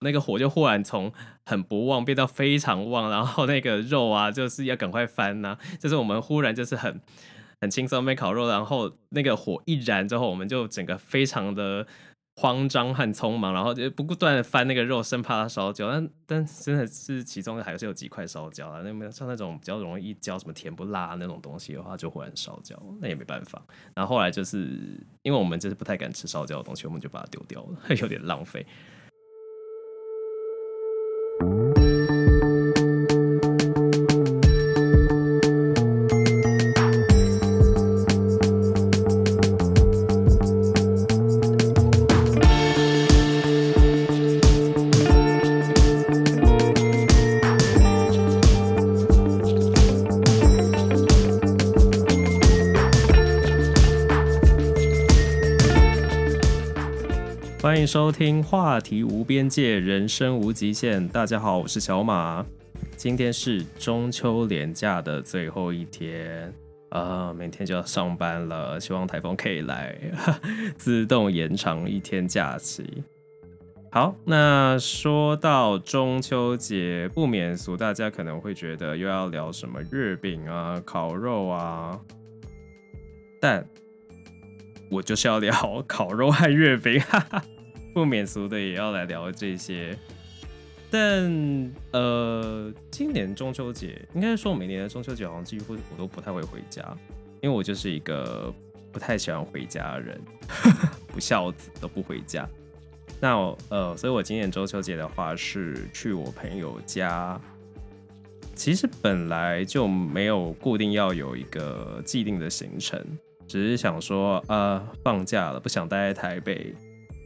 那個火就忽然從很不旺變到非常旺，然後那個肉啊就是要趕快翻吶、啊。就是我們忽然就是很很輕鬆沒烤肉，然後那個火一燃之後，我們就整個非常的慌張和匆忙，然後就不顧斷的翻那個肉，生怕它燒焦。但但真的是其中還是有幾塊燒焦啊，那麼像那種比較容易焦，什麼甜不辣那種東西的話，就會燒焦，那也沒辦法。然後後來就是因為我們就是不太敢吃燒焦的東西，我們就把它丟掉了，有點浪費。歡迎收聽《話題無邊界，人生無極限》。大家好，我是小馬。今天是中秋連假的最後一天啊，呃，明天就要上班了。希望台風可以來，自動延長一天假期。好，那說到中秋節，不免俗，大家可能會覺得又要聊什麼月餅啊、烤肉啊，但我就是要聊烤肉和月餅，哈哈。不免俗的也要來聊這些，但呃，今年中秋節應該說每年的中秋節，好像幾乎我都不太會回家，因為我就是一個不太喜歡回家的人，呵呵，不孝子都不回家。那我呃，所以我今年中秋節的話是去我朋友家。其實本來就沒有固定要有一個既定的行程，只是想說啊，呃，放假了，不想待在台北。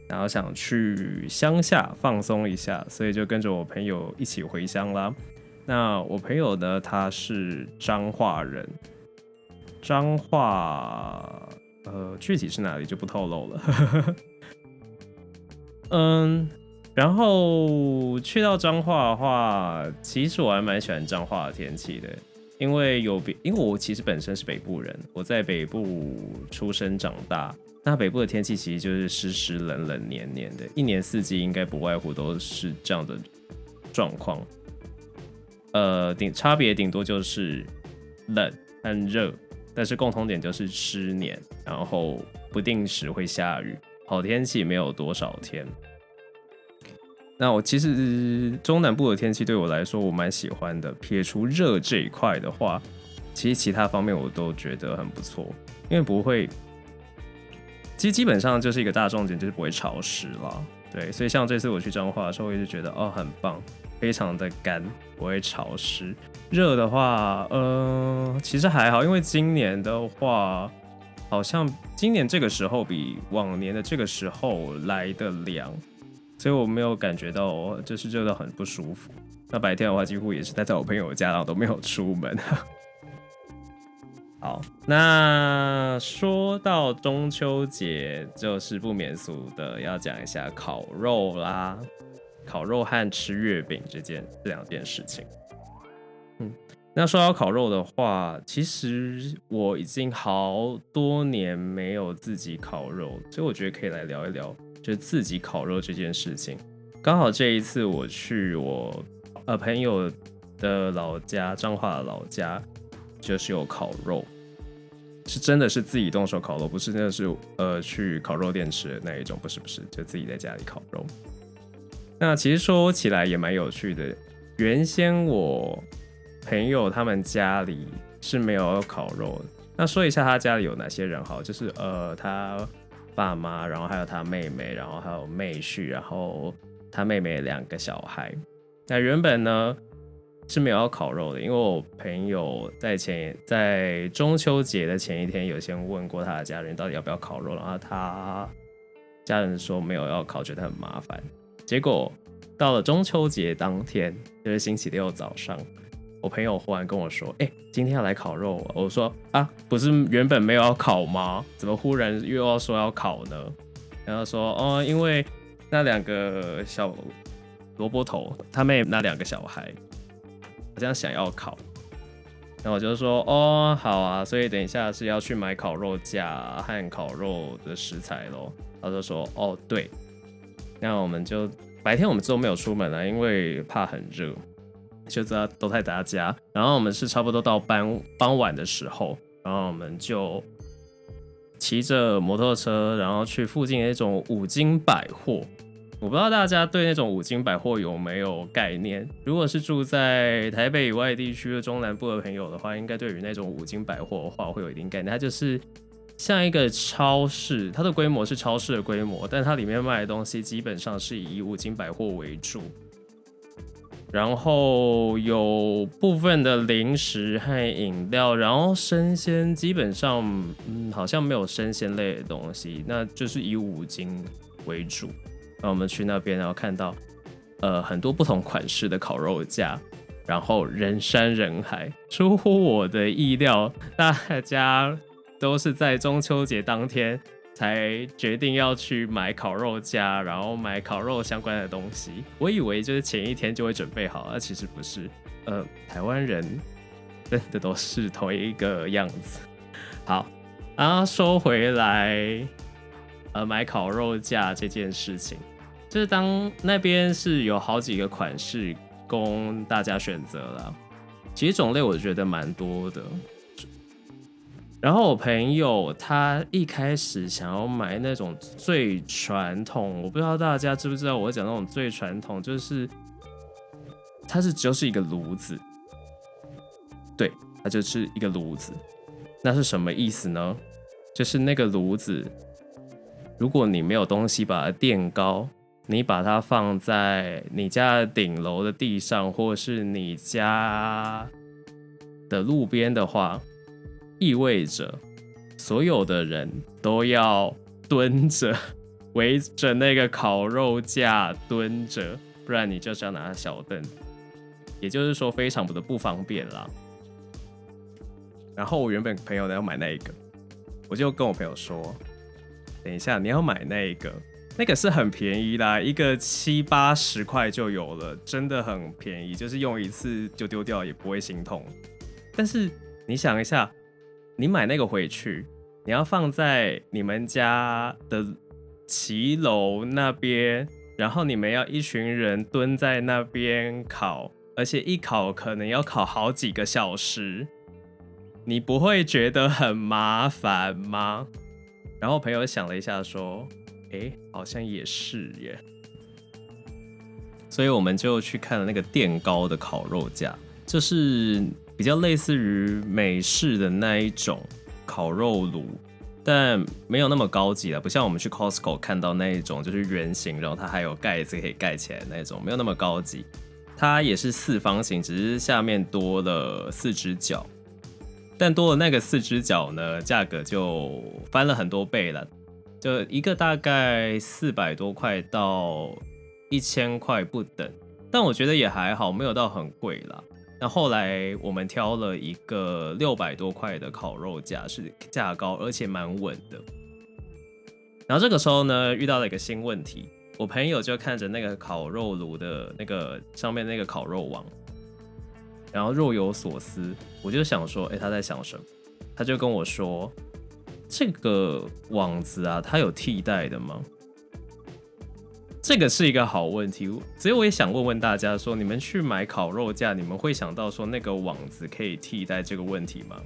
然後想去鄉下放鬆一下，所以就跟着我朋友一起回鄉啦。那我朋友呢，他是彰化人，彰化，呃，具體是哪裡就不透露了。 嗯，然後去到彰化的話，其實我還蠻喜歡彰化的天氣的，因為有別，因為我其實本身是北部人，我在北部出生長大。那北部的天氣其實就是濕濕冷冷黏黏的，一年四季應該不外乎都是這樣的狀況，呃，頂差別頂多就是冷和熱，但是共同點就是濕黏，然後不定時會下雨，好天氣沒有多少天。那我其實中南部的天氣對我來說，我蠻喜歡的。撇除熱這一塊的話，其實其他方面我都覺得很不錯，因為不會。其實基本上就是一個大重點，就是不會潮濕了。對，所以像這次我去彰化的時候，我就覺得哦，很棒，非常的乾，不會潮濕。熱的話，嗯、呃，其實還好，因為今年的話，好像今年這個時候比往年的這個時候來得涼，所以我沒有感覺到、哦、就是熱得很不舒服。那白天的話，幾乎也是待在我朋友家，然後都沒有出門。好，那說到中秋節，就是不免俗的要講一下烤肉啦。烤肉和吃月餅這件兩件事情。嗯，那說到烤肉的話，其實我已經好多年沒有自己烤肉，所以我覺得可以來聊一聊，就是、自己烤肉這件事情。剛好這一次我去我呃朋友的老家，彰化的老家，就是有烤肉，是真的是自己動手烤肉，不是真的是呃去烤肉店吃的那一種，不是不是，就自己在家裡烤肉。那其實說起來也蠻有趣的，原先我朋友他們家裡是沒有烤肉的。那說一下他家裡有哪些人哈，就是呃他爸媽，然後還有他妹妹，然後還有妹婿，然後他妹妹兩個小孩。那原本呢，是沒有要烤肉的，因為我朋友在前在中秋節的前一天，有先問過他的家人到底要不要烤肉，然後他家人說沒有要烤，覺得很麻煩。結果到了中秋節當天，就是星期六早上，我朋友忽然跟我說：“哎、欸，今天要來烤肉。”我說：“啊，不是原本沒有要烤嗎？怎麼忽然又要說要烤呢？”然後他說：“哦，因為那兩個小蘿蔔頭，他妹那兩個小孩。”好像想要烤，那我就說：“哦，好啊，所以等一下是要去買烤肉架和烤肉的食材嘍。”他就說：“哦，對。”那我們就白天我們都沒有出門了啊，因為怕很熱，就在都在大家。然後我們是差不多到傍傍晚的時候，然後我們就騎着摩托車，然後去附近的那種五金百貨。我不知道大家對那種五金百貨有沒有概念？如果是住在台北以外地區的中南部的朋友的話，應該對於那種五金百貨的話會有一定概念。它就是像一個超市，它的規模是超市的規模，但它裡面賣的東西基本上是以五金百貨為主，然後有部分的零食和飲料，然後生鮮基本上，嗯，好像沒有生鮮類的東西，那就是以五金為主。然後我們去那邊，然後看到，呃，很多不同款式的烤肉架，然後人山人海，出乎我的意料。大家都是在中秋節當天才決定要去買烤肉架，然後買烤肉相關的東西。我以為就是前一天就會準備好，而其實不是。呃，台灣人真的都是同一個樣子。好，啊，說回來，呃，買烤肉架這件事情。就是當那邊是有好幾個款式供大家選擇啦，其實種類我覺得蠻多的。然後我朋友他一開始想要買那種最傳統，我不知道大家知不知道，我講那種最傳統就是它是就是一個爐子，對，它就是一個爐子。那是什麼意思呢？就是那個爐子，如果你沒有東西把它墊高。你把它放在你家的頂樓的地上，或是你家的路邊的話，意味着所有的人都要蹲着圍着那個烤肉架蹲着，不然你就是要拿小凳，也就是說非常的不，不方便啦。然後我原本朋友呢要買那一個，我就跟我朋友說，等一下你要買那個。那個是很便宜啦，一個七八十塊就有了，真的很便宜，就是用一次就丟掉也不會心痛。但是你想一下，你買那個回去，你要放在你們家的騎樓那邊，然後你們要一群人蹲在那邊烤，而且一烤可能要烤好幾個小時，你不會覺得很麻煩嗎？然後朋友想了一下說。誒，好像也是耶，所以我們就去看了那個墊高的烤肉架，就是比較類似於美式的那一種烤肉爐，但沒有那麼高級了，不像我們去 Costco 看到那一種，就是圓形，然後它還有蓋子可以蓋起來那種，沒有那麼高級。它也是四方形，只是下面多了四隻腳，但多了那個四隻腳呢，價格就翻了很多倍了。就一個大概四百多塊到一千塊不等，但我覺得也還好，沒有到很貴啦。那後來我們挑了一個六百多塊的烤肉架，是價高而且蠻穩的。然後這個時候呢，遇到了一個新問題，我朋友就看着那個烤肉爐的那個上面那個烤肉網，然後若有所思。我就想說，哎、欸，他在想什麼？他就跟我說。這個網子啊，它有替代的嗎？這個是一個好問題，所以我也想問問大家說：說你們去買烤肉架，你們會想到說那個網子可以替代這個問題嗎？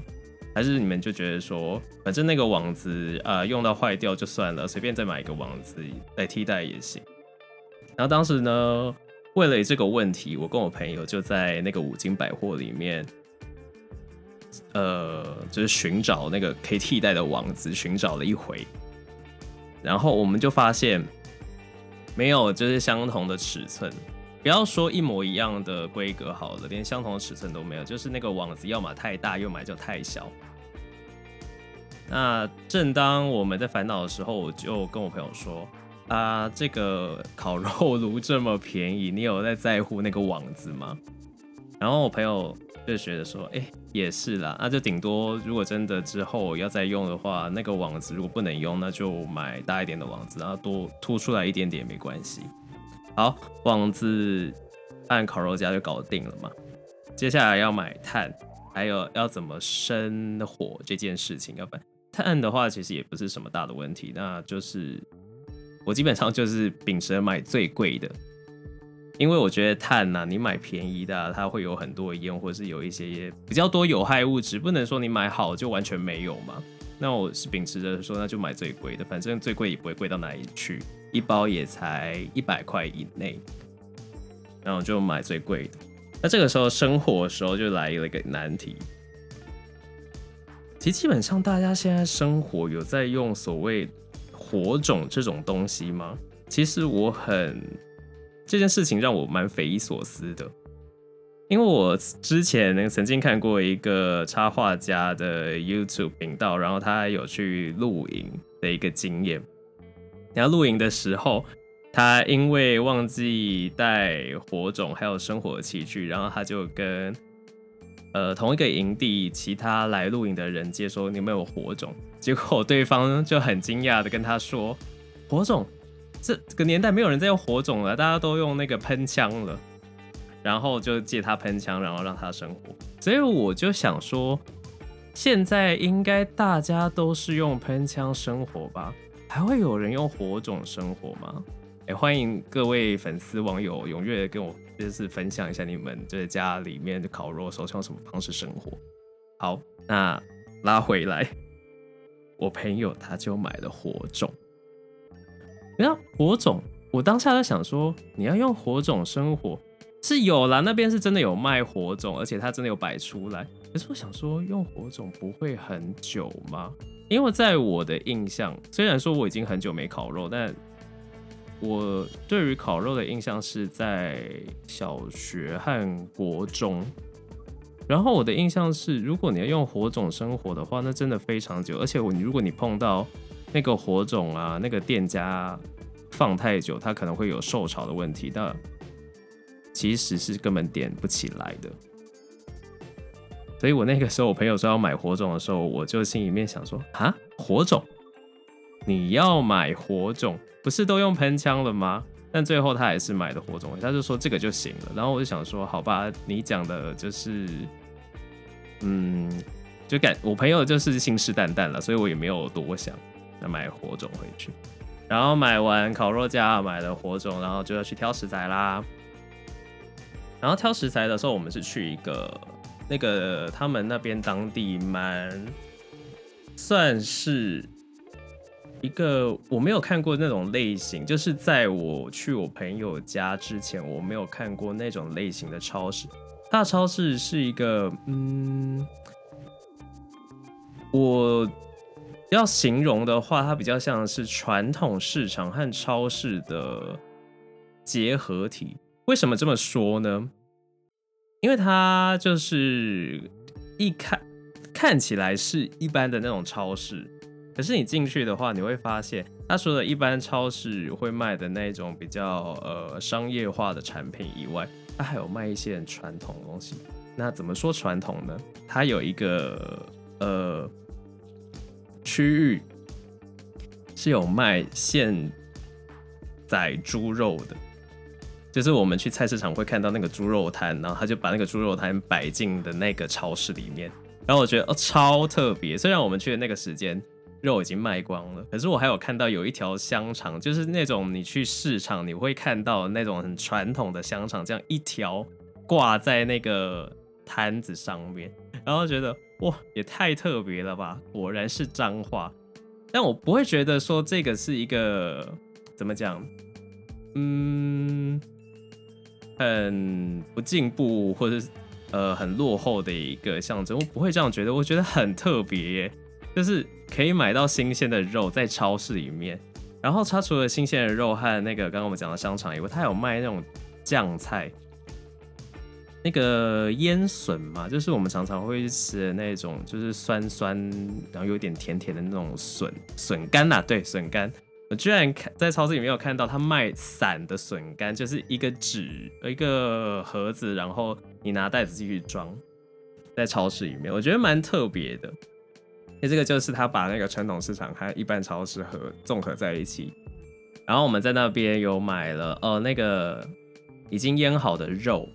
還是你們就覺得說，反正那個網子啊、呃、用到壞掉就算了，隨便再買一個網子來替代也行？然後當時呢，為了這個問題，我跟我朋友就在那個五金百貨裡面。呃，就是尋找那個可以替代的網子，尋找了一回，然後我們就發現沒有，就是相同的尺寸，不要說一模一樣的規格好了，連相同的尺寸都沒有，就是那個網子，要麼太大，要麼就太小。那正當我們在煩惱的時候，我就跟我朋友說：“啊，這個烤肉爐這麼便宜，你有在在乎那個網子嗎？”然後我朋友。就覺得說，哎、欸，也是啦。那就頂多如果真的之後要再用的話，那個網子如果不能用，那就買大一點的網子，然後多凸出來一點點也沒關係。好，網子按烤肉架就搞定了嘛。接下來要買炭，還有要怎麼生火這件事情。要不然炭的話其實也不是什麼大的問題。那就是我基本上就是秉持買最貴的。因為我覺得碳吶、啊，你買便宜的，啊，它會有很多煙，或者是有一些、一些比較多有害物質，不能說你買好就完全沒有嘛。那我是秉持着說，那就買最貴的，反正最貴也不會貴到哪裡去，一包也才一百塊以內，那我就買最貴的。那這個時候生火的時候就來了一個難題。其實基本上大家現在生活有在用所謂火種這種東西嗎？其實我很。這件事情讓我蠻匪夷所思的，因為我之前曾經看過一個插畫家的 YouTube 頻道，然後他有去露營的一個經驗。然後露營的時候，他因為忘記帶火種還有生活器具，然後他就跟呃同一個營地其他來露營的人，接說你有沒有火種？結果對方就很驚訝的跟他說火種。這個年代沒有人在用火種了，大家都用那個噴槍了，然後就借他噴槍，然後讓他生火。所以我就想說，現在應該大家都是用噴槍生火吧？還會有人用火種生火嗎？哎，歡迎各位粉絲網友踴躍地跟我就是分享一下你們在家裡面的烤肉時候用什麼方式生火。好，那拉回來，我朋友他就買了火種。你要火種？我當下就想說，你要用火種生火？是有啦，那邊是真的有賣火種，而且它真的有擺出來。可是我想說，用火種不會很久嗎？因為在我的印象，雖然說我已經很久沒烤肉，但我對於烤肉的印象是在小學和國中。然後我的印象是，如果你要用火種生火的話，那真的非常久。而且我，如果你碰到，那個火種啊，那個店家放太久，它可能會有受潮的問題，但其實是根本點不起來的。所以我那個時候，我朋友說要買火種的時候，我就心裡面想說啊，火種你要買火種，不是都用噴槍了嗎？但最後他還是買的火種，他就說這個就行了。然後我就想說好吧，你講的就是，嗯，就感我朋友就是信誓旦旦了，所以我也沒有多想。那買火種回去，然後買完烤肉架，買了火種，然後就要去挑食材啦。然後挑食材的時候，我們是去一個那個他們那邊當地蠻算是一個我沒有看過那種類型，就是在我去我朋友家之前，我沒有看過那種類型的超市。大超市是一個，嗯，我。要形容的話，它比較像是傳統市場和超市的結合體。為什麼這麼說呢？因為它就是一看看起來是一般的那種超市，可是你進去的話，你會發現它除了一般超市會賣的那種比較呃商業化的產品以外，它還有賣一些很傳統的東西。那怎麼說傳統呢？它有一個呃。區域是有賣現宰豬肉的，就是我們去菜市場會看到那個豬肉攤，然後他就把那個豬肉攤擺進的那個超市裡面，然後我覺得哦，超特別。雖然我們去的那個時間，肉已經賣光了，可是我還有看到有一條香腸，就是那種你去市場你會看到那種很傳統的香腸，這樣一條掛在那個攤子上面。然後覺得哇，也太特別了吧！果然是彰化，但我不會覺得說這個是一個怎麼講，嗯，很不進步或者呃很落後的一個象徵，我不會這樣覺得，我覺得很特別耶，就是可以買到新鮮的肉在超市裡面，然後它除了新鮮的肉和那個剛剛我們講的香腸以外，他有賣那種醬菜。那個醃筍嘛，就是我們常常會吃的那種，就是酸酸，然後有點甜甜的那種筍筍乾啊，對，筍乾，我居然看在超市裡面有看到他賣散的筍乾，就是一個紙一個盒子，然後你拿袋子去裝。在超市裡面，我覺得蠻特別的。那這個就是他把那個傳統市場和一般超市和綜合在一起。然後我們在那邊有買了呃那個已經醃好的肉。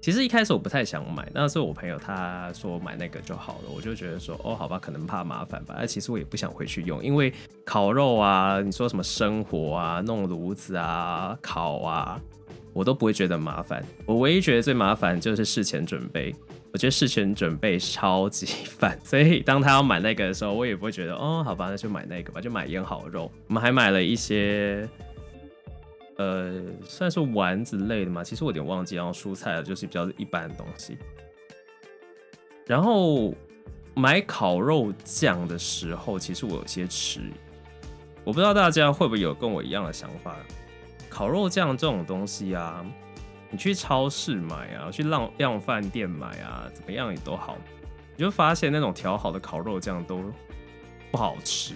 其實一開始我不太想買，但是我朋友他說買那個就好了，我就覺得說哦好吧，可能怕麻煩吧。哎，其實我也不想回去用，因為烤肉啊，你說什麼生火啊，弄爐子啊，烤啊，我都不會覺得麻煩。我唯一覺得最麻煩就是事前準備，我覺得事前準備超級煩。所以當他要買那個的時候，我也不會覺得哦好吧，那就買那個吧，就買醃好肉。我們還買了一些。呃，算是丸子類的嘛，其實我有點忘記，然後蔬菜就是比較一般的東西。然後買烤肉醬的時候，其實我有些遲疑，我不知道大家會不會有跟我一樣的想法。烤肉醬這種東西啊，你去超市買啊，去量販店買啊，怎麼樣也都好，你就發現那種調好的烤肉醬都不好吃。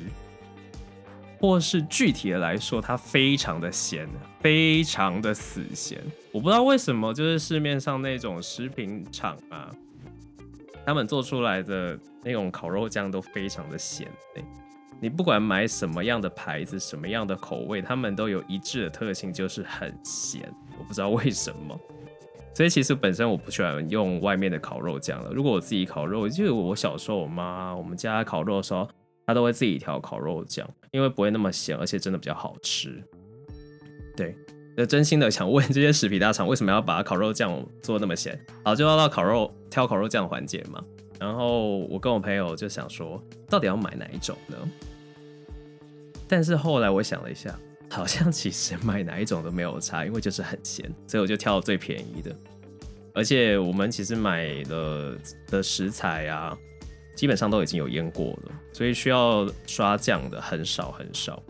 或是具體的來說，它非常的鹹，非常的死鹹。我不知道為什麼，就是市面上那種食品廠啊，他們做出來的那種烤肉醬都非常的鹹欸。你不管買什麼樣的牌子，什麼樣的口味，他們都有一致的特性，就是很鹹。我不知道為什麼。所以其實本身我不喜歡用外面的烤肉醬了。如果我自己烤肉，就我小時候我媽我們家烤肉的時候。他都會自己調烤肉醬，因為不會那麼鹹，而且真的比較好吃。對，就真心的想問這些食品大廠，為什麼要把烤肉醬做那麼鹹？好，就要到烤肉挑烤肉醬環節嘛然後我跟我朋友就想說，到底要買哪一種呢？但是後來我想了一下，好像其實買哪一種都沒有差，因為就是很鹹，所以我就挑了最便宜的。而且我們其實買的，的食材啊。基本上都已經有醃過了，所以需要刷醬的很少很少。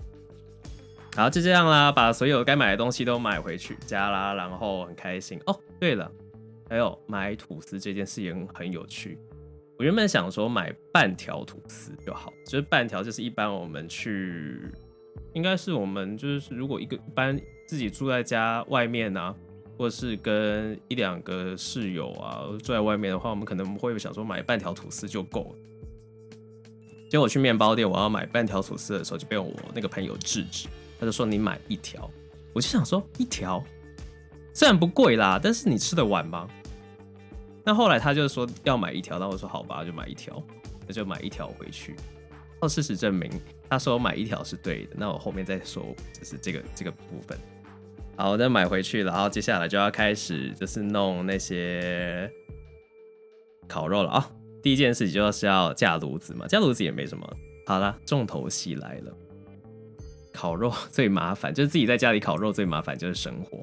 好，就這樣啦，把所有該買的東西都買回去家啦，然後很開心哦。對了，還有買吐司這件事也很有趣。我原本想說買半條吐司就好，就是半條就是一般我們去，應該是我們就是如果一個一般自己住在家外面呢、啊。或是跟一兩個室友啊，住在外面的話，我們可能會想說買半條吐司就夠了。結果去麵包店，我要買半條吐司的時候，就被我那個朋友制止。他就說：“你買一條。”我就想說：“一條雖然不貴啦，但是你吃得完嗎？”那後來他就說要買一條，那我說：“好吧，就買一條。”那就買一條回去。那事實證明，他說我買一條是對的。那我後面再說，就是這個這個部分。好，我再買回去了，然後接下來就要開始，就是弄那些烤肉了啊、哦！第一件事情就是要架爐子嘛，架爐子也沒什麼。好了，重頭戲來了，烤肉最麻煩，就是自己在家裡烤肉最麻煩就是生火。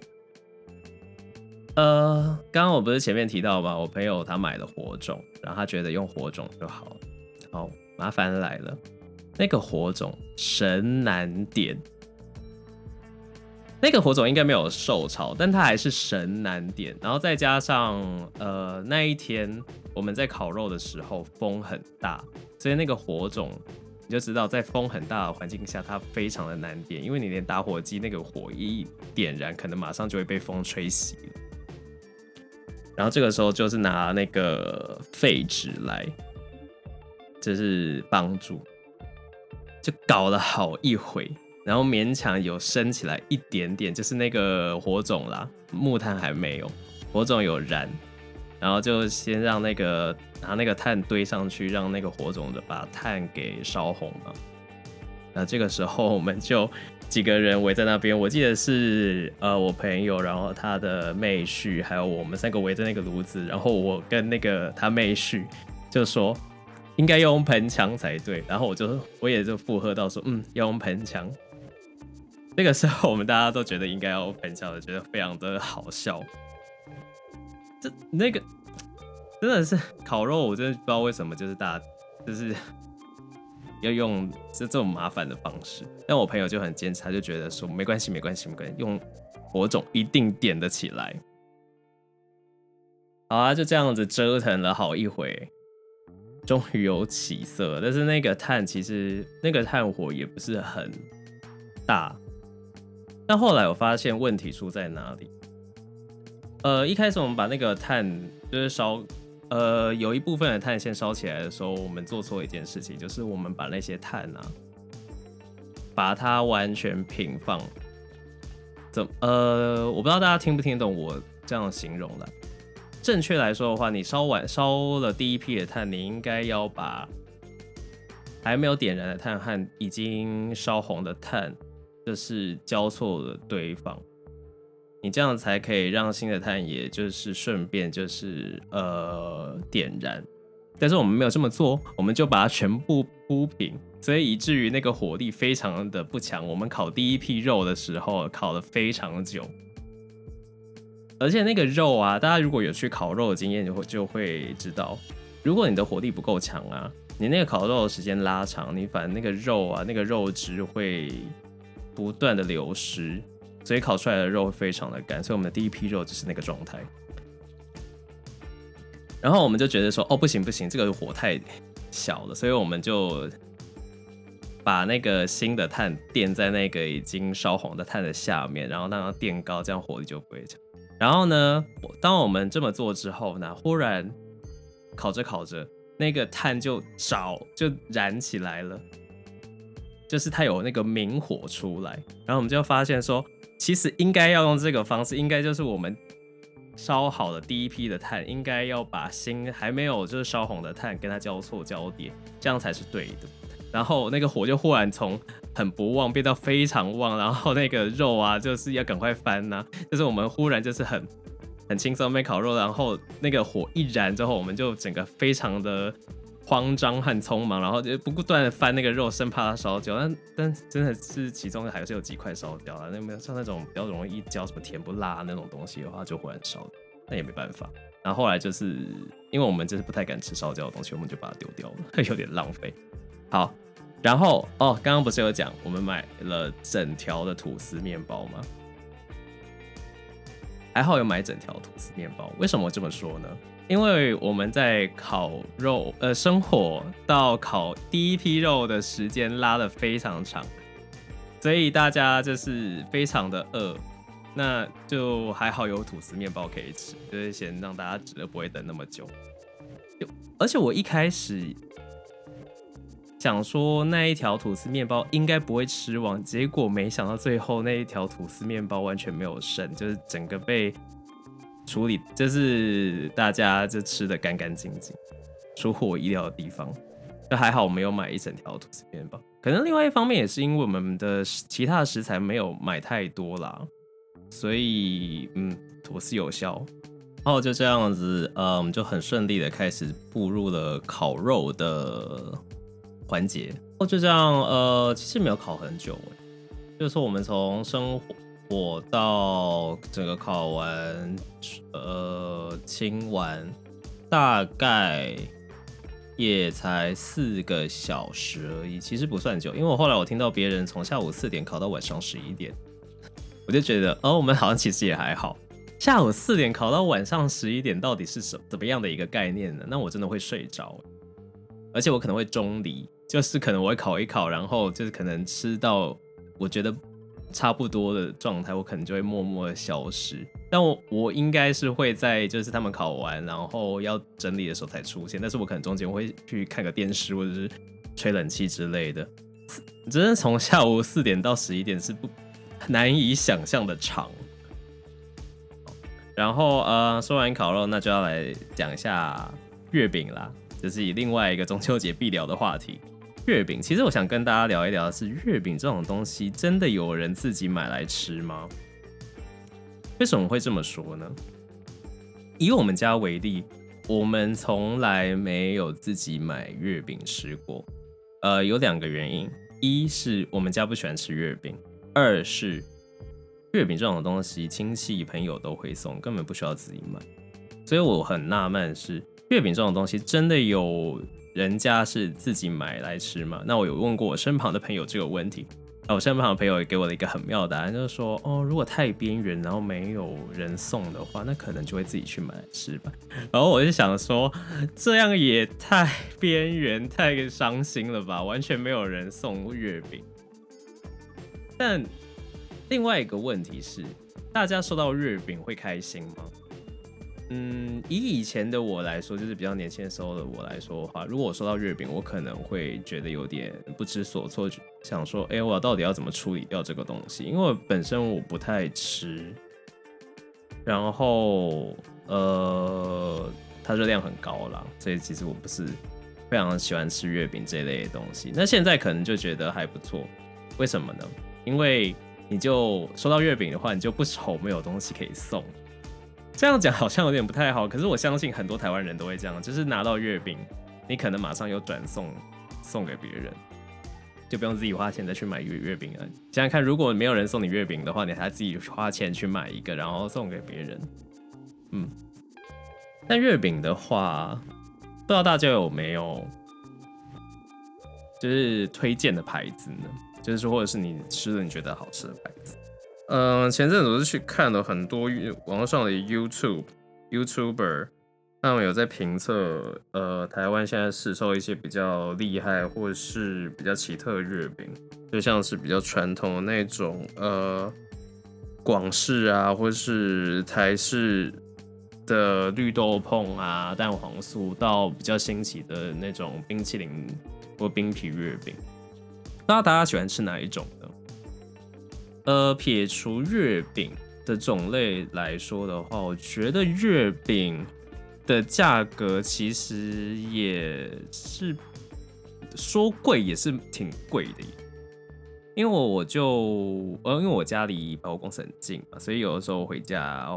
呃，剛剛我不是前面提到嘛，我朋友他買了火種，然後他覺得用火種就好了。好，麻煩來了，那個火種神難點。那個火種應該沒有受潮，但它還是神難點。然後再加上，呃，那一天我們在烤肉的時候風很大，所以那個火種你就知道，在風很大的環境下，它非常的難點，因為你連打火機那個火一點燃，可能馬上就會被風吹熄了。然後這個時候就是拿那個廢紙來，就是幫助，就搞了好一會。然後勉強有升起來一點點，就是那個火種啦，木炭還沒有，火種有燃，然後就先讓那個拿那個炭堆上去，讓那個火種的把炭給燒紅了。那這個時候我們就幾個人圍在那邊，我記得是呃我朋友，然後他的妹婿，還有我們三個圍着那個爐子，然後我跟那個他妹婿就說應該用盆牆才對，然後我就我也就附和到說，嗯，要用盆牆。那個時候，我們大家都覺得應該要 open 一下的，覺得非常的好笑。這那個真的是烤肉，我真的不知道為什麼，就是大家就是要用這這種麻煩的方式。但我朋友就很堅持，他就覺得說沒關係，沒關係，沒關係，用火種一定點得起來。好啊，就這樣子折騰了好一回，終於有起色了。但是那個炭，其實那個炭火也不是很大。但後來我發現問題出在哪裡？呃，一開始我們把那個碳就是燒，呃，有一部分的碳先燒起來的時候，我們做錯一件事情，就是我們把那些碳啊，把它完全平放。怎呃，我不知道大家聽不聽得懂我這樣形容了。正確來說的話，你燒完燒了第一批的碳，你應該要把還沒有點燃的碳和已經燒紅的碳。就是交錯的堆放，你這樣才可以讓新的炭，也就是順便就是呃點燃。但是我們沒有這麼做，我們就把它全部鋪平，所以以至於那個火力非常的不強。我們烤第一批肉的時候烤了非常久，而且那個肉啊，大家如果有去烤肉的經驗，就會就會知道，如果你的火力不夠強啊，你那個烤肉的時間拉長，你反正那個肉啊，那個肉質會。不斷的流失，所以烤出來的肉非常的乾，所以我們的第一批肉就是那個狀態。然後我們就覺得說，哦，不行不行，這個火太小了，所以我們就把那個新的碳墊在那個已經燒紅的碳的下面，然後讓它墊高，這樣火力就不會強。然後呢，當我們這麼做之後呢，忽然烤着烤着，那個碳就著，就燃起來了。就是它有那個明火出來，然後我們就發現說，其實應該要用這個方式，應該就是我們燒好的第一批的炭，應該要把新還沒有就是燒紅的炭跟它交錯交疊，這樣才是對的。然後那個火就忽然從很不旺變到非常旺，然後那個肉啊就是要趕快翻吶、啊，就是我們忽然就是很很輕鬆在烤肉，然後那個火一燃之後，我們就整個非常的。慌張和匆忙，然後就不斷的翻那個肉，生怕它燒焦。但但真的是其中還是有幾塊燒焦了啊。那沒有像那種比較容易一焦，什麼甜不辣那種東西的話，就會燒。那也沒辦法。然後後來就是因為我們就是不太敢吃燒焦的東西，我們就把它丟掉了，有點浪費。好，然後哦，剛剛不是有講我們買了整條的吐司麵包嗎？還好有買整條吐司麵包。為什麼我這麼說呢？因為我們在烤肉，呃，生火到烤第一批肉的時間拉得非常長，所以大家就是非常的餓，那就還好有吐司麵包可以吃，就是先讓大家覺得不會等那麼久。就而且我一開始想說那一條吐司麵包應該不會吃完，結果沒想到最後那一條吐司麵包完全沒有剩，就是整個被。處理，就是大家就吃的乾乾淨淨，出乎我意料的地方，就還好我沒有買一整條吐司麵包。可能另外一方面也是因為我們的其他的食材沒有買太多啦，所以嗯，吐司有效。哦，就這樣子，呃、嗯，我們就很順利的開始步入了烤肉的環節。哦，就這樣，呃，其實沒有烤很久，欸，就是我們從生火。我到整個烤完，呃，清完，大概也才四個小時而已，其實不算久。因為我後來我聽到別人從下午四點烤到晚上十一點，我就覺得，哦，我們好像其實也還好。下午四點烤到晚上十一點，到底是什麼怎麼樣的一個概念呢？那我真的會睡着，而且我可能會中離，就是可能我會烤一烤，然後就是可能吃到，我覺得。差不多的狀態，我可能就會默默的消失。但我我應該是會在就是他們烤完，然後要整理的時候才出現。但是我可能中間我會去看個電視，或者是吹冷氣之類的。真的從下午四點到十一點是不難以想象的長。然後呃，說完烤肉，那就要來講一下月餅啦，這、就是以另外一個中秋節必聊的話題。月餅，其實我想跟大家聊一聊的，是月餅這種東西，真的有人自己買來吃嗎？為什麼會這麼說呢？以我們家為例，我們從來沒有自己買月餅吃過。呃，有兩個原因，一是我們家不喜歡吃月餅，二是月餅這種東西，親戚朋友都會送，根本不需要自己買。所以我很納悶的是，月餅這種東西真的有？人家是自己買來吃嗎？那我有問過我身旁的朋友這個問題，那我身旁的朋友也給我了一個很妙的答案，就是說，哦，如果太邊緣，然後沒有人送的話，那可能就會自己去買來吃吧。然後我就想說，這樣也太邊緣、太傷心了吧，完全沒有人送月餅。但另外一個問題是，大家收到月餅會開心嗎？嗯，以以前的我來說，就是比較年輕的時候的我來說的話，如果我收到月餅，我可能會覺得有點不知所措，想說，哎、欸，我到底要怎麼處理掉這個東西？因為本身我不太吃，然後呃，它熱量很高啦，所以其實我不是非常喜歡吃月餅這類的東西。那現在可能就覺得還不錯，為什麼呢？因為你就收到月餅的話，你就不愁沒有東西可以送。這樣講好像有點不太好，可是我相信很多台灣人都會這樣，就是拿到月餅，你可能馬上又轉送送給別人，就不用自己花錢再去買月月餅了。想想看，如果沒有人送你月餅的話，你還自己花錢去買一個，然後送給別人。嗯，那月餅的話，不知道大家有沒有，就是推薦的牌子呢？就是或者是你吃的你覺得好吃的牌子。嗯，前陣子是去看了很多網上的 YouTube YouTuber，他們有在評測呃台灣現在市售一些比較厲害或是比較奇特的月餅，就像是比較傳統的那種呃廣式啊，或是台式的綠豆碰啊、蛋黃酥，到比較新奇的那種冰淇淋或冰皮月餅。那大家喜歡吃哪一種呢？呃，撇除月餅的種類來說的話，我覺得月餅的價格其實也是說貴也是挺貴的，因為我我就呃，因為我家裡離百貨公司很近嘛，所以有的時候回家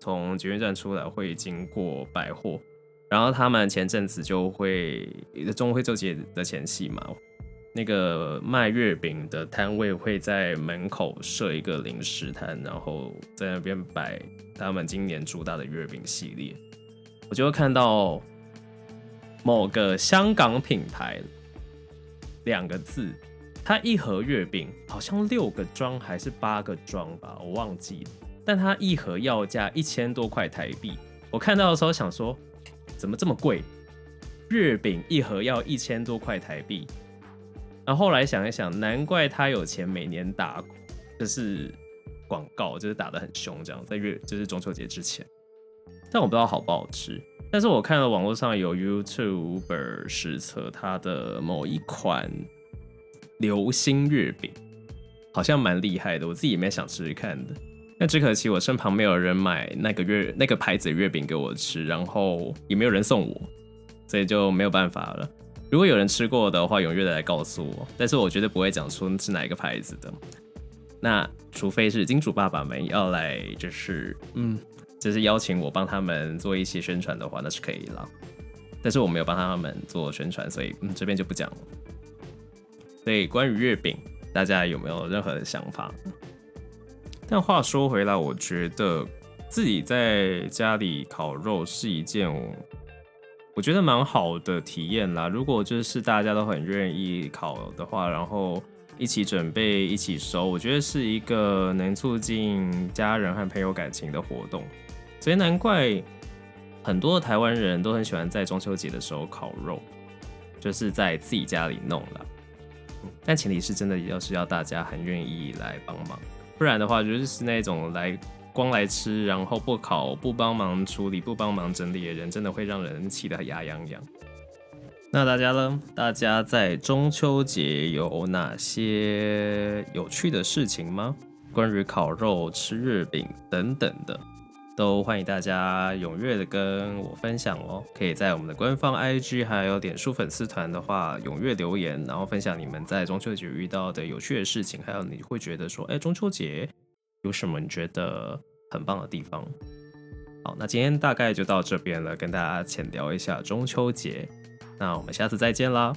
從捷運站出來會經過百貨，然後他們前陣子就會在中秋節的前夕嘛。那個賣月餅的攤位會在門口設一個零食攤，然後在那邊擺他們今年主打的月餅系列。我就會看到某個香港品牌兩個字，它一盒月餅好像六個裝還是八個裝吧，我忘記了。但它一盒要價一千多塊台幣，我看到的時候想說，怎麼這麼貴？月餅一盒要一千多塊台幣。然後後來想一想，難怪他有錢，每年打就是廣告，就是打得很凶，這樣在月就是中秋節之前。但我不知道好不好吃。但是我看了網絡上有 YouTuber 實測他的某一款流心月餅，好像蠻厲害的。我自己也蠻想吃吃看的，那只可惜我身旁沒有人買那個月那個牌子的月餅給我吃，然後也沒有人送我，所以就沒有辦法了。如果有人吃過的話，踴躍的來告訴我。但是，我絕對不會講出是哪一個牌子的。那除非是金主爸爸們要來，就是，嗯，就是邀請我幫他們做一些宣傳的話，那是可以了。但是我沒有幫他們做宣傳，所以，嗯，這邊就不講了。所以，關於月餅，大家有沒有任何的想法？但話說回來，我覺得自己在家裡烤肉是一件。我覺得蠻好的體驗啦。如果就是大家都很願意烤的話，然後一起準備、一起收，我覺得是一個能促進家人和朋友感情的活動。所以難怪很多台灣人都很喜歡在中秋節的時候烤肉，就是在自己家裡弄了。嗯，但前提是真的要是要大家很願意來幫忙，不然的話就是是那種來。光來吃，然後不烤、不幫忙處理、不幫忙整理的人，真的會讓人氣得牙癢癢。那大家呢？大家在中秋節有哪些有趣的事情嗎？關於烤肉、吃月餅等等的，都歡迎大家踴躍的跟我分享哦。可以在我們的官方 IG 還有臉書粉絲團的話，踴躍留言，然後分享你們在中秋節遇到的有趣的事情，還有你會覺得說，哎、欸，中秋節。有什麼你覺得很棒的地方？好，那今天大概就到這邊了，跟大家淺聊一下中秋節。那我們下次再見啦！